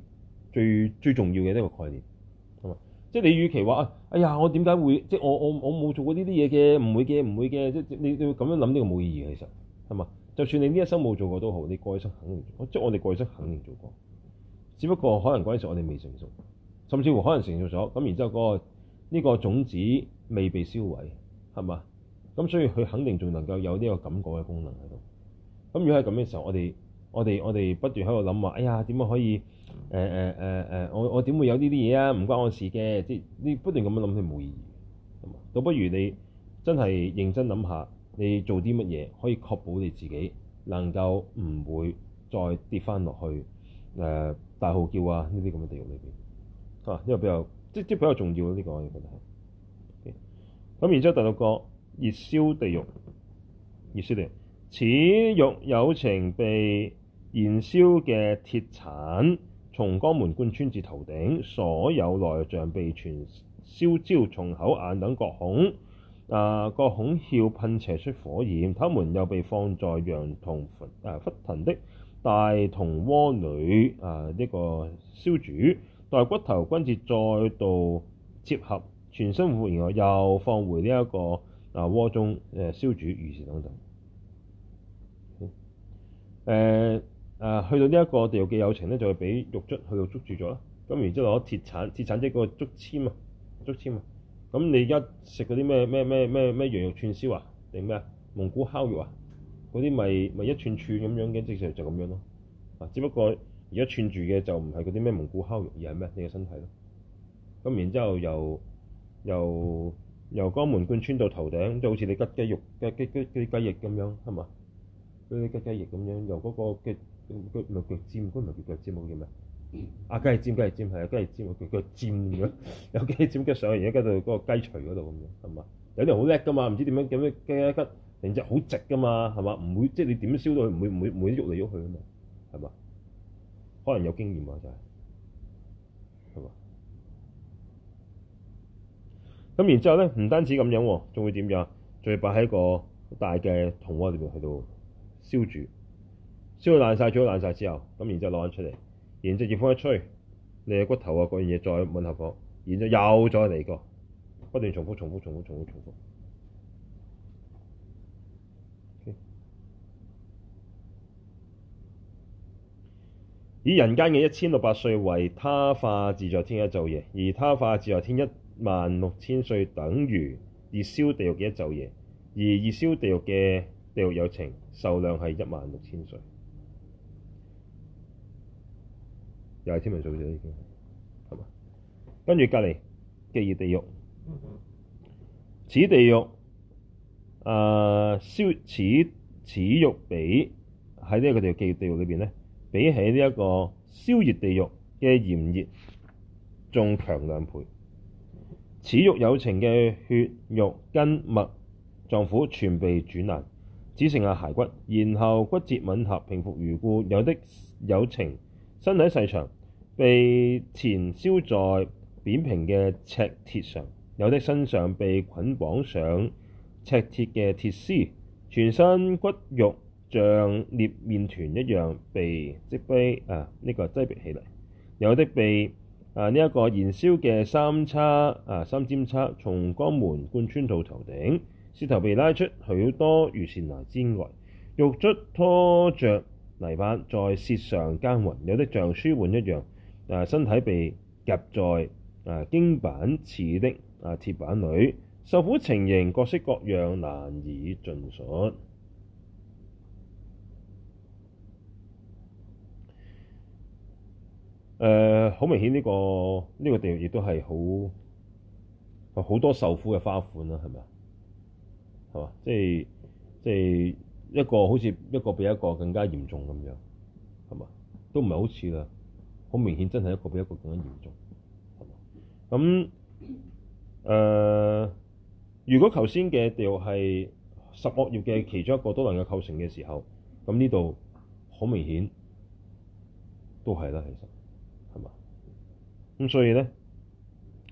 最最重要嘅呢個概念係嘛？即係你與其話啊，哎呀，我點解會即係我我我冇做過呢啲嘢嘅？唔會嘅，唔會嘅。即係你你咁樣諗呢個冇意義其實係嘛？就算你呢一生冇做過都好，你過去生肯定做過，即係我哋過去生肯定做過，只不過可能嗰陣時我哋未成熟，甚至乎可能成熟咗咁，然之後嗰個呢個種子未被燒毀，係嘛？咁所以佢肯定仲能夠有呢個感覺嘅功能喺度。咁如果係咁嘅時候，我哋我哋我哋不斷喺度諗話，哎呀點樣可以誒誒誒誒，我我點會有呢啲嘢啊？唔關我事嘅，即係你不斷咁樣諗係冇意義，咁倒不如你真係認真諗下，你做啲乜嘢可以確保你自己能夠唔會再跌翻落去誒大號叫啊呢啲咁嘅地獄裏邊啊，因為比較即係即比較重要呢個我覺得係。咁 okay。然之後第六個熱燒地獄，熱燒地獄。此獄有情被燃燒嘅鐵鏟從肛門貫穿至頭頂，所有內臟被全燒焦，從口眼等各孔啊各孔竅噴射出火焰。他們又被放在佯銅誒沸騰的大銅鍋裏啊！呢、這個燒煮待骨頭關節再度接合，全身復原後又放回呢、這、一個啊鍋中誒燒煮，如、啊、是等等。誒、嗯、啊！去到呢一個地獄嘅有情咧，就會俾獄卒去到捉住咗，啦。咁然之後攞鐵鏟，鐵鏟即係個竹籤啊，竹籤啊！咁你而家食嗰啲咩咩咩咩咩羊肉串燒啊，定咩啊？蒙古烤肉啊？嗰啲咪咪一串串咁樣嘅，即係就咁樣咯。啊！只不過而家串住嘅就唔係嗰啲咩蒙古烤肉，而係咩？你嘅身體咯。咁然之後由由由肛門貫穿到頭頂，就好似你吉雞肉吉吉啲雞翼咁樣，係嘛？嗰啲雞翼咁樣，由嗰、嗰個嘅腳腳，腳尖，嗰唔係叫腳尖，好叫咩？啊，雞翼尖，雞翼尖係啊，雞翼尖，佢腳尖咁樣，有雞翼尖腳上，而家跟到嗰個雞嗰度咁樣，係嘛？有啲好叻㗎嘛，唔知點樣點樣雞一骨成隻好直㗎嘛，係嘛？唔會即係你點燒到佢，唔會唔會唔會喐嚟喐去㗎嘛，係嘛？可能有經驗啊，就係係嘛？咁然之後咧，唔單止咁樣喎，仲會點呀？仲要擺喺個大嘅銅鍋入邊喺度。燒住，燒到爛晒，煮到爛晒之後，咁然之後攞翻出嚟，然之後熱風一吹，你嘅骨頭啊嗰樣嘢再吻合，然之後又再嚟過，不斷重複、重複、重複、重複、重複。Okay. 以人間嘅一千六百歲為他化自在天一晝夜，而他化自在天一萬六千歲等於熱燒地獄嘅一晝夜，而熱燒地獄嘅。地獄有情壽量係一萬六千歲，又係天文數字已經係嘛？跟住隔籬極熱地獄，此地獄誒，燒、呃、此此獄比喺呢一個地獄地獄裏邊咧，比起呢一個燒熱地獄嘅炎熱仲強兩倍。此獄有情嘅血肉筋脈臟腑全被煮爛。只剩下骸骨，然後骨折吻合，平復如故。有的有情身體細長，被纏燒在扁平嘅赤鐵上；有的身上被捆綁上赤鐵嘅鐵絲，全身骨肉像捏麵團一樣被擠逼啊！呢、這個擠迫起嚟，有的被啊呢一、這個燃燒嘅三叉啊三尖叉從肛門貫穿到頭頂。舌頭被拉出，許多腧繕那之外；獄卒拖着泥板，在舌上耕耘。有的像書本一樣，誒、啊、身體被夾在誒經、啊、板似的誒、啊、鐵板裏，受苦情形各式各樣，難以盡述。誒、呃，好明顯呢、這個呢、這個地獄亦都係好好多受苦嘅花款啦，係咪啊？係嘛？即係即係一個好似一個比一個更加嚴重咁樣，係嘛？都唔係好似啦，好明顯真係一個比一個更加嚴重，係嘛？咁誒、呃，如果頭先嘅掉係十惡業嘅其中一個都能夠構成嘅時候，咁呢度好明顯都係啦，其實係嘛？咁所以咧，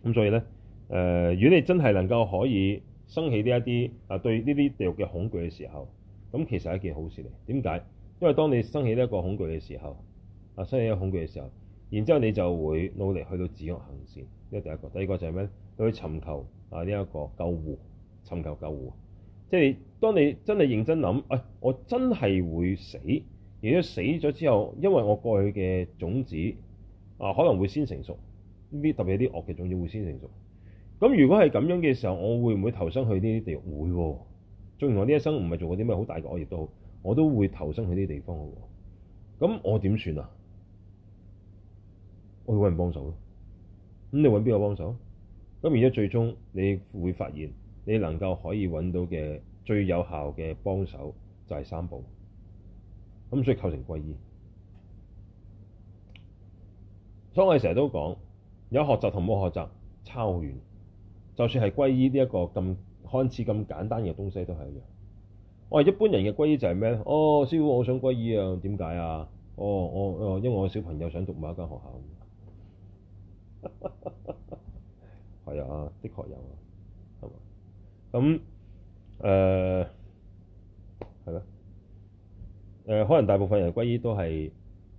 咁所以咧，誒、呃，如果你真係能夠可以，生起呢一啲啊對呢啲地獄嘅恐懼嘅時候，咁其實係一件好事嚟。點解？因為當你生起呢一個恐懼嘅時候，啊生起一個恐懼嘅時候，然之後你就會努力去到止惡行善，呢個第一個。第二個就係咩咧？你去尋求啊呢一個救護，尋求救護。即係當你真係認真諗，喂、哎，我真係會死，而且死咗之後，因為我過去嘅種子啊可能會先成熟，呢啲特別係啲惡嘅種子會先成熟。咁如果係咁樣嘅時候，我會唔會投身去呢啲地獄？會喎、哦，雖然我呢一生唔係做過啲咩好大嘅惡業都好，我都會投身去呢啲地方嘅喎。咁我點算啊？我要揾人幫手咯。咁你揾邊個幫手？咁而家最終你會發現，你能夠可以揾到嘅最有效嘅幫手就係三寶。咁所以構成歸依。所以我哋成日都講有學習同冇學習抄完。就算係皈依呢一個咁看似咁簡單嘅東西都係一樣。我、哦、係一般人嘅皈依就係咩咧？哦，師傅，我想皈依啊！點解啊？哦，我誒，因為我小朋友想讀某一間學校。係 啊，的確有啊，係嘛？咁誒係咩？誒、嗯呃呃，可能大部分人皈依都係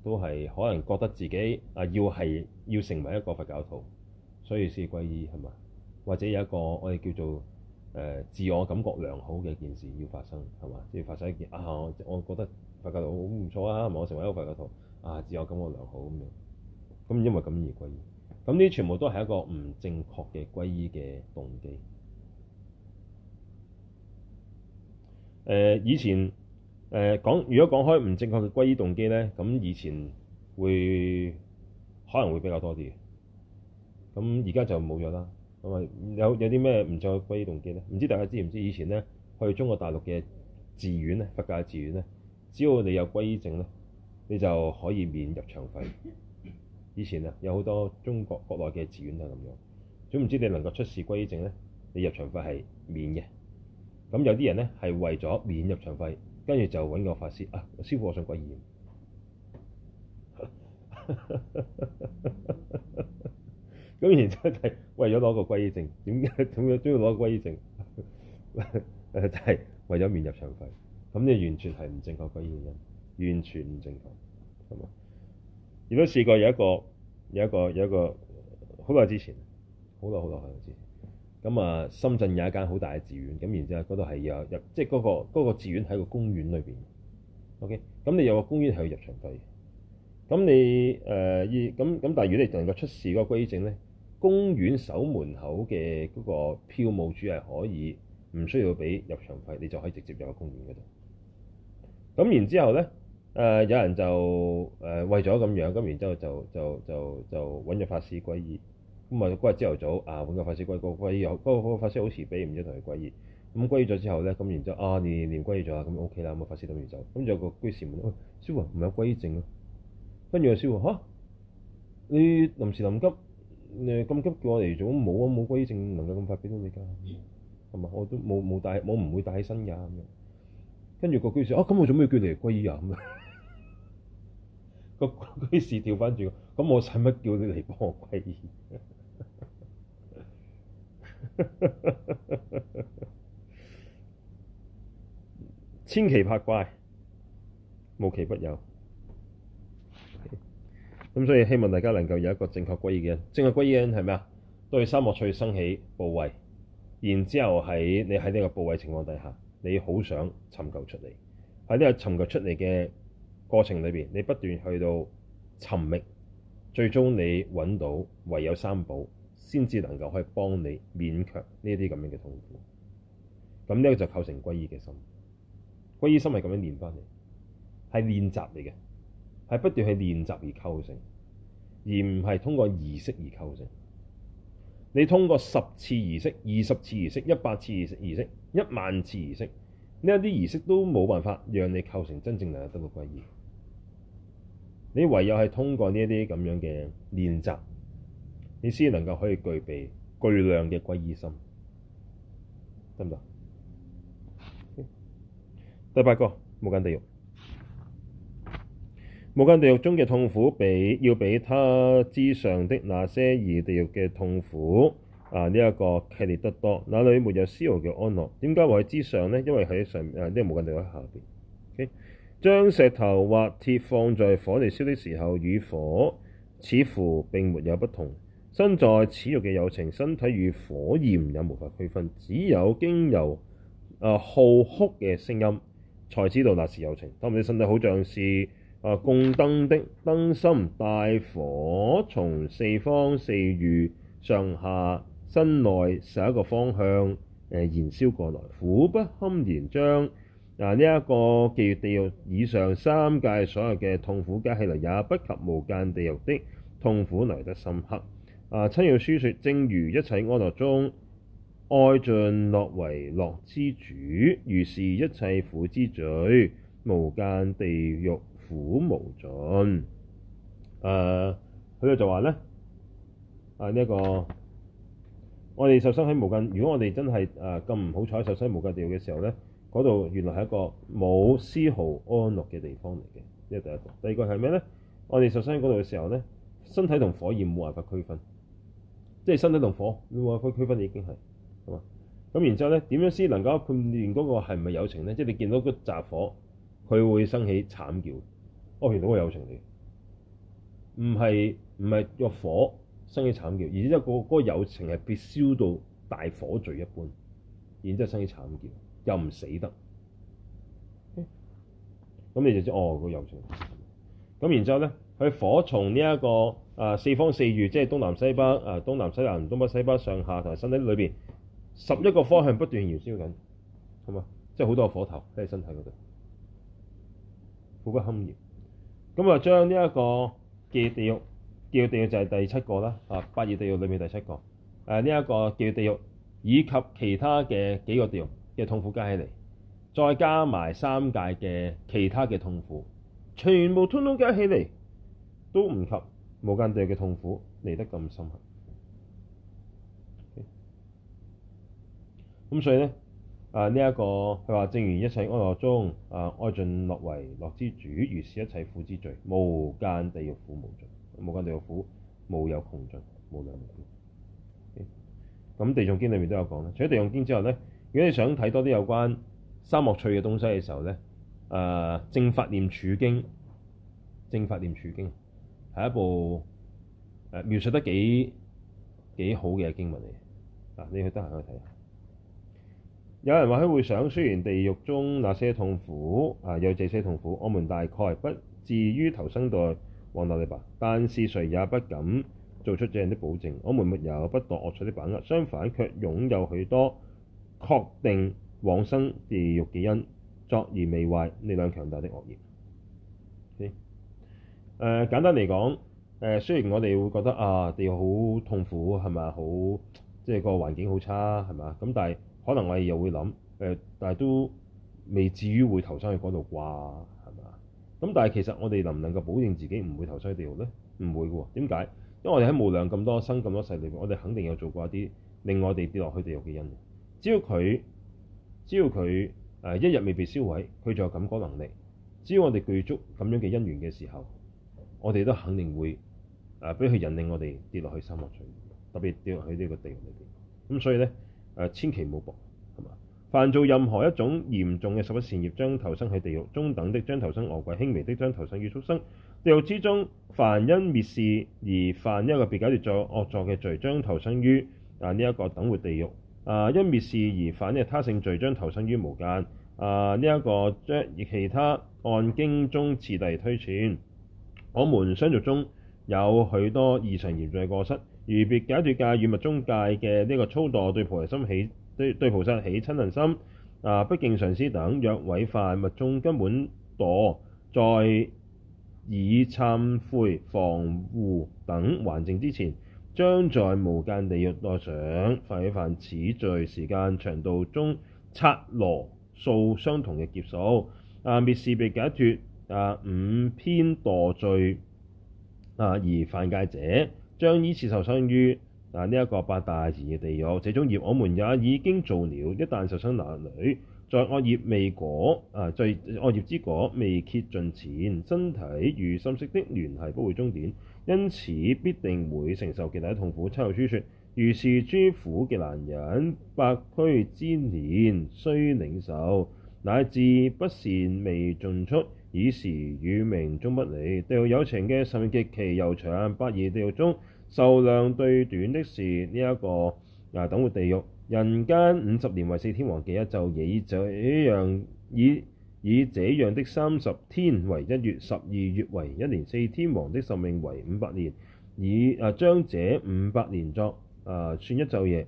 都係，可能覺得自己啊、呃、要係要成為一個佛教徒，所以先皈依係嘛？是或者有一個我哋叫做誒、呃、自我感覺良好嘅一件事要發生係嘛？即係發生一件啊！我我覺得佛教徒好唔錯啊，同埋我成為一個佛教徒啊，自我感覺良好咁樣咁，因為咁而歸依咁，呢全部都係一個唔正確嘅歸依嘅動機。誒、呃、以前誒、呃、講，如果講開唔正確嘅歸依動機咧，咁以前會可能會比較多啲嘅，咁而家就冇咗啦。有有啲咩唔再歸依動機咧？唔知大家知唔知以前咧去中國大陸嘅寺院咧、佛教嘅寺院咧，只要你有歸依證咧，你就可以免入場費。以前啊，有好多中國國內嘅寺院係咁樣。總唔知你能夠出示歸依證咧，你入場費係免嘅。咁有啲人咧係為咗免入場費，跟住就揾個法師啊，師傅，我想歸依。 咁然之後就係為咗攞個歸依證，點解點樣都要攞歸依證？就係為咗免入場費。咁你完全係唔正確歸依嘅人，完全唔正確，係嘛？亦都試過有一個有一個有一個好耐之前，好耐好耐之前。咁啊，深圳有一間好大嘅寺院，咁然之後嗰度係有入，即係嗰個嗰個寺院喺個公園裏面。OK，咁你有個公園係有入場費？咁你誒咁咁，但係如果你能夠出示嗰個歸證咧，公園守門口嘅嗰個票務處係可以唔需要俾入場費，你就可以直接入去公園嗰度。咁然之後咧、呃、有人就誒、呃、為咗咁樣，咁然之後就就就就揾咗法師歸依咁啊！嗰日朝頭早啊，揾法師歸、嗰個歸又嗰法師好慈悲唔知同佢歸依咁歸咗之後咧，咁然後就、啊 OK、之後，然後啊，念念念歸咗，咁就 O K 啦，咁法師都唔走。咁就個居士問：喂，師雲，唔係有歸證咯？跟住個師話嚇，你臨時臨急誒咁急叫我嚟做，冇啊，冇歸依證，能夠咁快俾到你㗎，係咪？我都冇冇帶，我唔會帶起身㗎咁樣。跟住個居士啊，咁我做咩要叫你嚟歸依啊？咁樣個居士調翻轉，咁我使乜叫你嚟幫我歸依？千奇百怪，無奇不有。咁所以希望大家能夠有一個正確歸依嘅心，正確歸依嘅心係咩啊？對三惡趣生起怖畏，然之後喺你喺呢個怖畏情況底下，你好想尋求出嚟。喺呢個尋求出嚟嘅過程裏邊，你不斷去到尋覓，最終你揾到唯有三寶先至能夠可以幫你勉強呢啲咁樣嘅痛苦。咁呢個就構成歸依嘅心，歸依心係咁樣練翻嚟，係練習嚟嘅。係不斷去練習而構成，而唔係通過儀式而構成。你通過十次儀式、二十次儀式、一百次儀式，式、一萬次儀式，呢一啲儀式都冇辦法讓你構成真正能夠得到歸依。你唯有係通過呢一啲咁樣嘅練習，你先能夠可以具備巨量嘅歸依心，得唔得？第八個，無間地獄。無間地獄中嘅痛苦比，比要比他之上的那些熱地獄嘅痛苦啊呢一、這個劇烈得多。那裏沒有絲毫嘅安樂。點解會喺之上呢？因為喺上誒，呢無間地獄喺下邊。將、okay? 石頭或鐵放在火地燒的時候，與火似乎並沒有不同。身在此獄嘅有情，身體與火焰也無法區分。只有經由誒、啊、號哭嘅聲音，才知道那是有情。當你身體好像是。啊！供燈的燈芯帶火，從四方四隅、上下身內十一個方向燃燒過來。苦不堪言，將啊呢一、這個極熱地獄以上三界所有嘅痛苦加起嚟，也不及無間地獄的痛苦來得深刻。啊！親友書説，正如一切安樂中，愛盡樂為樂之主，如是一切苦之最，無間地獄，苦無盡，誒、呃，佢度就話咧，誒呢一個，我哋受生喺無間，如果我哋真係誒咁唔好彩受生喺無間地獄嘅時候咧，嗰度原來係一個冇絲毫安樂嘅地方嚟嘅，呢、這、係、個、第一個。第二個係咩咧？我哋受生喺嗰度嘅時候咧，身體同火焰冇辦法區分，即係身體同火冇辦法區分，已經係，好嘛？咁然之後咧，點樣先能夠判斷嗰個係唔係有情咧？即係你見到個雜火，佢會生起慘叫。哦，見到個友情嚟，唔係唔係個火生起慘叫，而且之、那、後、個那個友情係被燒到大火聚一般，然之後生起慘叫，又唔死得。咁、嗯、你就知哦、那個友情。咁然之後咧，佢火從呢、這、一個啊、呃、四方四隅即係東南西北啊、呃、東南西南、東北西北、上下同埋身體裏面，十一個方向不斷燃燒緊，好嘛？即係好多個火頭喺身體嗰度，苦不堪言。咁啊，將呢一個極熱地獄，極熱地獄就係第七個啦，啊，八熱地獄裡面第七個，誒呢一個極熱地獄，以及其他嘅幾個地獄嘅痛苦加起嚟，再加埋三界嘅其他嘅痛苦，全部通通加起嚟，都唔及無間地獄嘅痛苦嚟得咁深刻。咁所以咧。啊！呢、這、一個佢話，正如一切安樂中，啊愛盡樂為樂之主，如是一切苦之最，無間地獄苦無盡，無間地獄苦無有窮盡，無量無邊。咁地藏經裏面，都有講啦。除咗地藏經之後咧，如果你想睇多啲有關三惡趣嘅東西嘅時候咧，啊正法念處經，正法念處經係一部誒、啊、描述得幾幾好嘅經文嚟。嗱、啊，你去得閒去睇下。有人或許會想，雖然地獄中那些痛苦啊，有這些痛苦，我們大概不至於投生到往那裏吧？但是誰也不敢做出這樣的保證。我們沒有不墮惡趣的把握，相反卻擁有許多確定往生地獄嘅因作而未壞力量強大的惡業、okay? 呃。簡單嚟講、呃，雖然我哋會覺得啊，地獄好痛苦，係咪？好，即係、就是、個環境好差，係咪啊？咁但係。可能我哋又會諗，誒、呃，但係都未至於會投生去嗰度啩，係咪啊？咁但係其實我哋能唔能夠保證自己唔會投生喺地獄咧？唔會嘅，點解？因為我哋喺無量咁多生咁多世裏面，我哋肯定有做過一啲令我哋跌落去地獄嘅因。只要佢，只要佢誒、呃、一日未被燒毀，佢就有感覺能力。只要我哋具足咁樣嘅因緣嘅時候，我哋都肯定會誒俾佢引領我哋跌落去生活上面，特別跌落去呢個地獄裏邊。咁所以咧。啊、千祈冇博係嘛？犯做任何一種嚴重嘅十不善業，將投生喺地獄；中等的將投生餓鬼；輕微的將投生於畜生。地獄之中，凡因藐視而犯呢一個別解脫惡作嘅罪，將投生於，啊呢一、這個等活地獄。啊，因藐視而犯嘅他勝罪，將投生於無間。啊，呢、這、一個將以其他按經中次第推算，我們相續中有許多異常嚴重嘅過失。如別解脫戒與密宗戒嘅呢個罪墮，對菩提心起對對菩薩起瞋恨心啊，不敬上師等，若違犯密宗根本墮，在以懺悔防護等還淨之前，將在無間地獄待上犯犯此罪時間長度中剎那數相同嘅劫數啊，藐視別解脫啊五篇墮罪啊而犯戒者，將依次受生於，但呢一個八大熱地獄，這種業我們也已經做了。一旦受生男女，在惡業未果，啊，在惡業之果未竭盡前，身體與心識的聯繫不會終點，因此必定會承受極大的痛苦。《親友書》說：如是諸苦極難忍，百俱胝年雖領受，乃至不善未盡出。爾時與命終不離。地獄有情嘅壽命極其悠長，八熱地獄中壽量最短的是呢、這、一個啊等活地獄。人間五十年為四天王嘅一晝夜，以這樣以以這樣的三十天為一月，十二月為一年，四天王的壽命為五百年，以啊將這五百年作啊算一晝夜，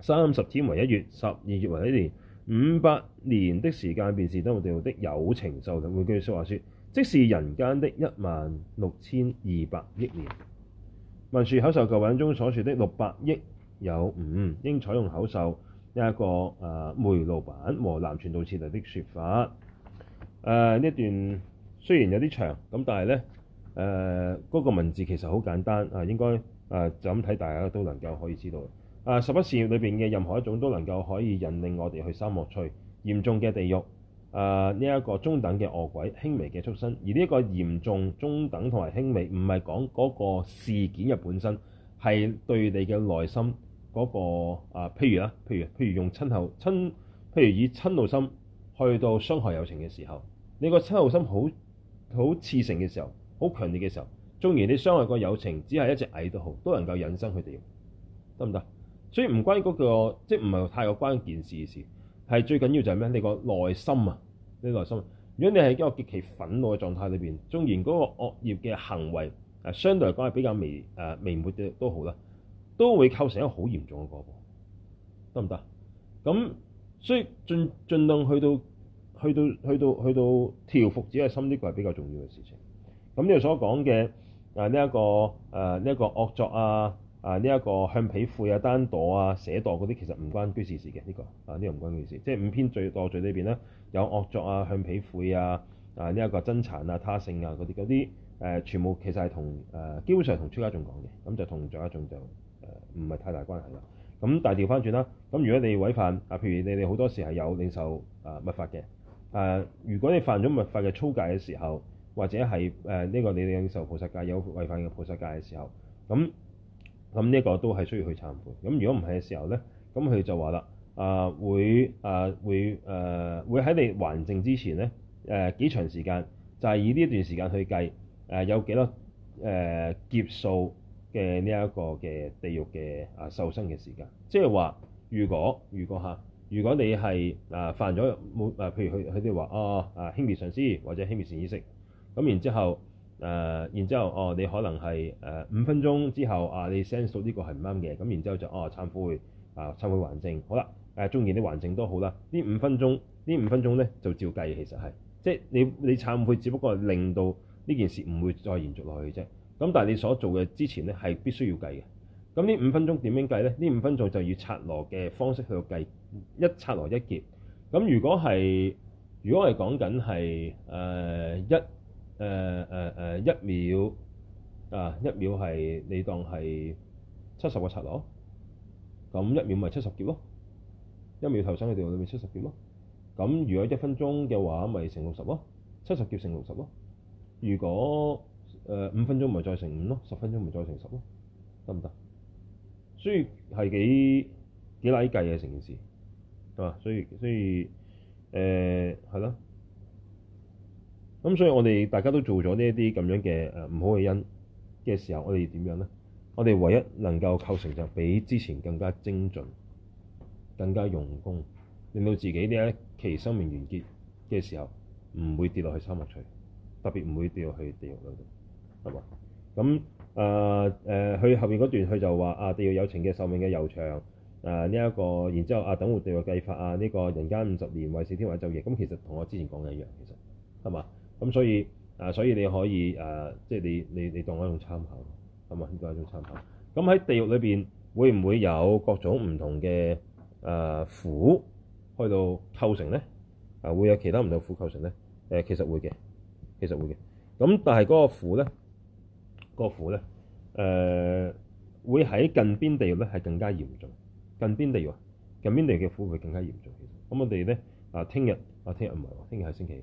三十天為一月，十二月為一年，五百年的時間便是等活地獄的有情壽長。換句說話說，即是人間的一萬六千二百億年。文殊口授舊品中所說的六百億有五，應採用口授一個誒、呃、梅老闆和南傳道次第的說法。誒、呃、呢段雖然有啲長，咁但係咧誒個文字其實好簡單啊，應該誒、呃、就咁睇，大家都能夠可以知道。啊！十不善業裏邊嘅任何一種都能夠可以引領我哋去三惡趣、嚴重嘅地獄、啊呢一、這個中等嘅惡鬼、輕微嘅畜生。而呢一個嚴重、中等同埋輕微，唔係講嗰個事件嘅本身，係對你嘅內心嗰、那個啊。譬如啦，譬如譬如，譬如用瞋怒親，譬如以瞋怒心去到傷害有情嘅時候，你個瞋怒心好好熾盛嘅時候，好強烈嘅時候，縱然你傷害個有情，只係一隻蟻都好，都能夠引生佢哋，得唔得？所以唔關嗰、嗰個，即係唔係太過關鍵嘅事，係最緊要就係咩？你個內心啊，你內心，如果你係一個極其憤怒嘅狀態裏邊，縱然嗰個惡業嘅行為誒，相對嚟講係比較微誒、呃、微末嘅都好啦，都會構成一個好嚴重嘅過步，得唔得？咁所以盡盡量去到去到去到去到，去到調服自己嘅心呢、呢個係比較重要嘅事情。咁你所講嘅誒呢一個誒呢一個惡作啊～啊！呢、這、一個向彼悔啊、單墮啊、捨墮嗰啲，其實唔關居士事嘅呢、這個啊，呢個唔關居士事。即係五篇罪墮罪裏邊咧，有惡作啊、向彼悔啊啊呢一、這個僧殘啊、他勝啊嗰啲嗰啲誒，全部其實係同誒、呃、基本上同出家眾講嘅，咁就同出家眾就誒唔係太大關係啦。咁但係調翻轉啦，咁如果你違反啊，譬如你哋好多時係有領受啊物法嘅誒、呃，如果你犯咗物法嘅粗戒嘅時候，或者係誒呢個你哋領受菩薩戒有違反嘅菩薩戒嘅時候咁。那咁呢個都係需要去懺悔。咁如果唔係嘅時候咧，咁佢就話啦，啊、呃、會啊、呃、會誒、呃、會喺你還淨之前咧誒、呃、幾長時間就係、是、以呢一段時間去計誒、呃、有幾多誒、呃、劫數嘅呢一個嘅地獄嘅啊、呃、受生嘅時間即係話如果如果嚇，如果你係啊犯咗冇誒，譬如佢佢哋話啊啊輕蔑上師或者輕蔑善知識，咁然之後誒、呃，然之後哦，你可能係誒、呃、五分鐘之後啊、呃，你 sense 到呢個係唔啱嘅，咁然之後就哦，懺悔啊，懺悔還淨好啦。誒、呃，中意啲還淨都好啦。呢五分鐘，呢五分鐘咧就照計，其實係即係你你懺悔，只不過係令到呢件事唔會再延續落去啫。咁但係你所做嘅之前咧係必須要計嘅。咁呢五分鐘點樣計咧？呢五分鐘就以拆羅嘅方式去到計一拆羅一結。咁如果係如果係講緊係誒一。誒誒誒一秒啊，一秒係你當係七十個七咯，咁一秒咪七十劫咯，一秒投生嘅地獄咪七十劫咯，咁如果一分鐘嘅話咪乘六十咯，七十劫乘六十咯，如果誒、呃、五分鐘咪再乘五咯，十分鐘咪再乘十咯，得唔得？所以係幾幾拉計嘅成件事，係嘛？所以所以誒係咯。呃係咁、嗯、所以，我哋大家都做咗呢一啲咁樣嘅誒唔好嘅因嘅時候，我哋點樣咧？我哋唯一能夠構成就比之前更加精準、更加用功，令到自己呢一期生命完結嘅時候，唔會跌落去三惡趣，特別唔會掉落去地獄裏面，係嘛？咁誒誒，佢、呃呃、後面嗰段佢就話啊，地獄有情嘅壽命嘅悠長，誒呢一個，然之後啊，等活地獄計法啊，呢、這個人間五十年為四天為就業，咁、嗯、其實同我之前講嘅一樣，其實係嘛？咁所以啊，所以你可以啊，即、呃、係、就是、你你你當我一種參考，咁啊應一種參考。咁喺地獄裏邊，會唔會有各種唔同嘅啊苦去到構成咧？啊，會有其他唔同苦構成咧？誒、呃，其實會嘅，其實會嘅。咁但係嗰個苦咧，嗰、那個苦咧，誒、呃、會喺近邊地獄咧係更加嚴重。近邊地獄，近邊地獄嘅苦會更加嚴重。其實，咁我哋咧啊，聽日啊，聽日唔係喎，聽日係星期。